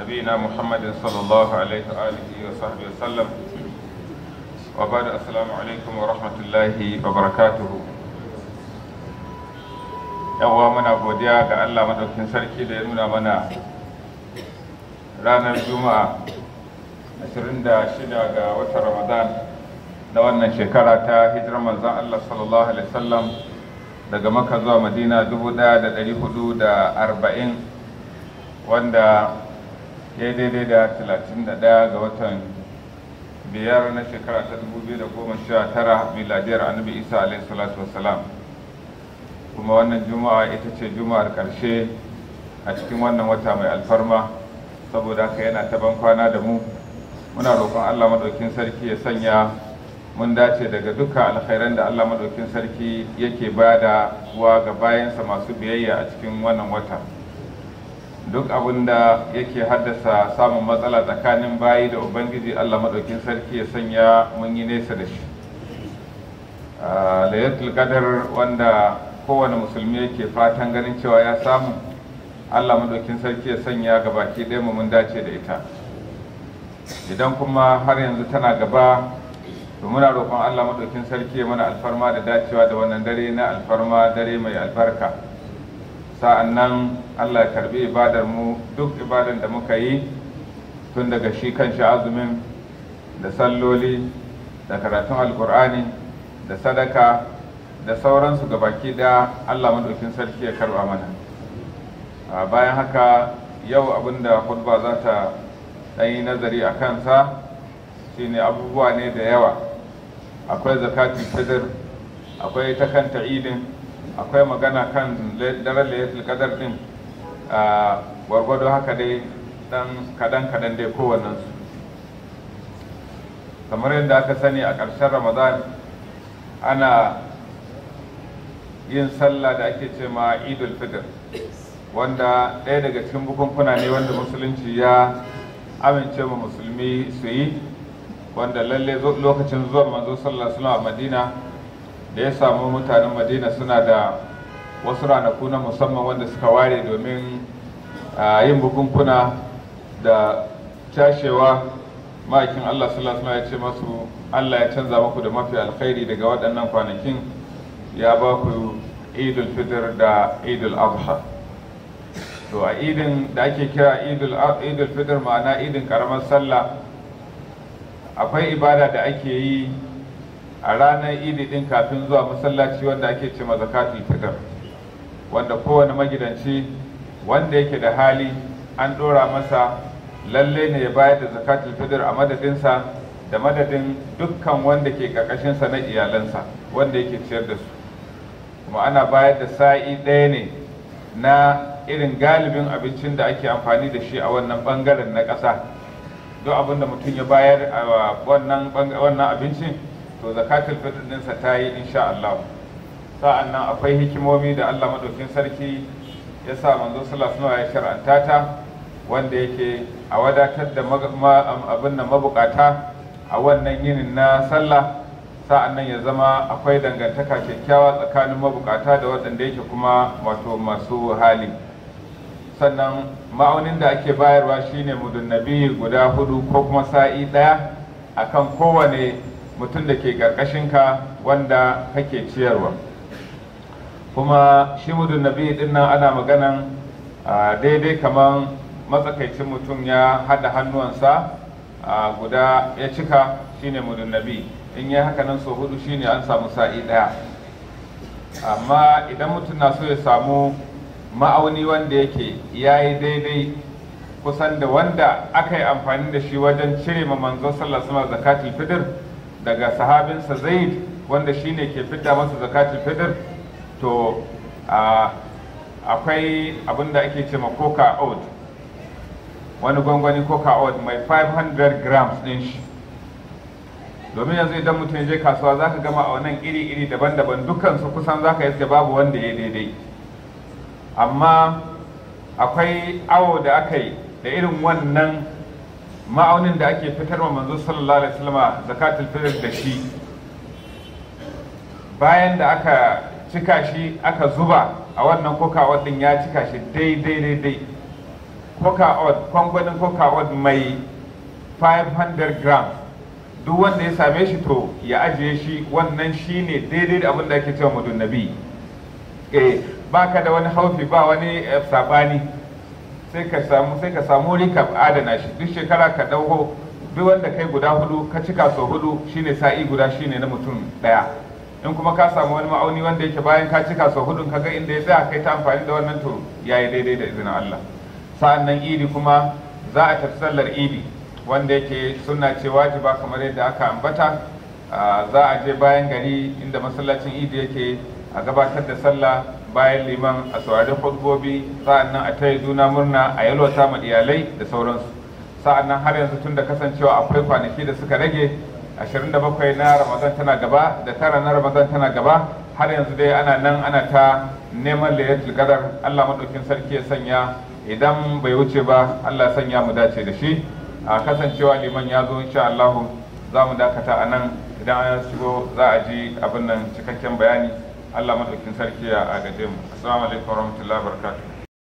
نبينا محمد صلى الله عليه وآله وصحبه وسلم وبعد السلام عليكم ورحمة الله وبركاته muna godiya ga Allah maɗaukin sarki da ya nuna mana ranar juma'a shida ga wata ramadan na wannan shekara ta hijirar manzan Allah sallallahu alaihi wasallam daga maka zuwa madina arba'in, wanda ya daidai da 31 ga watan biyar na shekara ta 2019 miladiyar annabi isa alaihi wasalam kuma wannan juma'a ita ce juma'ar karshe a cikin wannan wata mai alfarma saboda haka yana ta ban kwana da mu muna roƙon allah maɗaukin sarki ya sanya mun dace daga duka alkhairan da allah maɗaukin sarki yake bada wa ga bayansa masu biyayya a cikin wannan wata duk abin da yake haddasa samun matsala tsakanin bayi da ubangiji allah maɗaukin sarki ya sanya mun yi nesa da shi layatul qadar wanda kowane musulmi yake fatan ganin cewa ya samu allah maɗaukin sarki ya sanya ga baki ɗaya mun dace da ita idan kuma har yanzu tana gaba to muna roƙon allah maɗaukin sarki ya mana alfarma da dacewa da wannan dare na alfarma dare mai albarka sa'an nan allah ya karbi ibadar mu duk ibadar da muka yi tun daga shi kan shi azumin da salloli da karatun alkur'ani da sadaka da sauransu ga baki da allah maɗaukin sarki ya karba mana a bayan haka yau abinda hudba za ta ɗanyi nazari a kansa shine abubuwa ne da yawa akwai zakatun fidir akwai ta kanta idin akwai magana kan daren layatul kadar din gwargwado haka dai dan kadan kadan dai kowannensu kamar yadda aka sani a ƙarshen ramadan ana yin sallah da ake ce ma idul fitr wanda ɗaya daga cikin bukunkuna ne wanda musulunci ya amince ma musulmi su yi wanda lalle lokacin zuwan manzo sallah suna a madina da ya samu mutanen madina suna da wasu ranaku na musamman wanda suka ware domin yin bukunkuna da cashewa ma'aikin allah sallallahu ya ce masu allah ya canza muku da mafi alkhairi daga waɗannan kwanakin ya ba ku idul fitr da idul adha to a idin da ake kira idul fitr ma'ana idin karamar sallah akwai ibada da ake yi a ranar idi din kafin zuwa masallaci wanda ake ce ma zakatul fitr wanda kowane magidanci wanda yake da hali an dora masa lalle ne ya bayar da zakatul fitr a madadinsa da madadin dukkan wanda ke sa na iyalansa wanda yake ciyar da su kuma ana bayar da sa'i ɗaya ne na irin galibin abincin da ake amfani da shi a wannan ɓangaren na ƙasa Don abin da mutum ya bayar a wannan abincin to zakatul fitr sa ta yi insha Allah sa'an nan akwai hikimomi da Allah madaukin sarki ya sa manzo sallallahu alaihi ya shar'anta ta wanda yake a wadatar da abin nan mabukata a wannan yinin na sallah sa'an nan ya zama akwai dangantaka kyakkyawa tsakanin mabukata da waɗanda yake kuma wato masu hali sannan ma'aunin da ake bayarwa shine mudunnabi guda hudu ko kuma sa'i ɗaya akan kowane mutum da ke ka wanda kake ciyarwa kuma shi mudun nabi din nan ana maganan daidai kamar matsakaicin mutum ya haɗa hannuwansa guda ya cika shine mudun nabi in ya haka nan sau hudu shine an samu sa'i ɗaya amma idan mutum na so ya samu ma'auni wanda yake ya yi daidai kusan da wanda aka yi amfani da shi wajen cire ma manzon sallallahu alaihi wasallam zakatul daga sahabinsa zaid wanda shine ke fidda masa zakatul fitr to akwai abinda ake ce ma coca oat wani gwangwani coca oat mai 500 grams din shi domin yanzu idan mutum je kasuwa za ka gama a wannan iri-iri daban-daban dukkan su kusan za ka yi babu wanda ya daidai amma akwai awo da aka yi da irin wannan ma'aunin da ake fitar wa manzo sallallahu alaihi wasallama zakatul fitr da shi bayan da aka cika shi aka zuba a wannan koka din ya cika shi daidai daidai od kwangwanin koka od mai 500 gram duk wanda ya same shi to ya ajiye shi wannan shine daidai da abin da ake cewa mudun nabi eh baka da wani haufi ba wani eh, sabani sai ka samu sai ka samu wuri adana shi duk shekara ka dauko duk wanda kai guda hudu ka cika so hudu shine sa'i guda shine na mutum daya in kuma ka samu wani ma'auni wanda yake bayan ka cika so hudun ka ga inda ya tsaya kai ta amfani da wannan to yayi daidai da izinin Allah sa'annan idi kuma za a tafi sallar idi wanda yake sunna ce wajiba kamar yadda aka ambata ah, za a je bayan gari inda masallacin idi yake a gabatar da sallah bayan liman a saurari hudbobi sa'annan a taya juna murna a yalwata ma iyalai da sauransu sa'annan har yanzu tun da kasancewa akwai kwanaki da suka rage 27 na ramadan tana gaba da tara na ramadan tana gaba har yanzu dai ana nan ana ta neman layatul qadar Allah madaukin sarki ya sanya idan bai wuce ba Allah sanya mu dace da shi a kasancewa liman ya zo insha Allah za mu dakata a nan idan an shigo za a ji abin nan cikakken bayani Allah madaukakin sarki ya agaje mu assalamu alaikum warahmatullahi wabarakatuh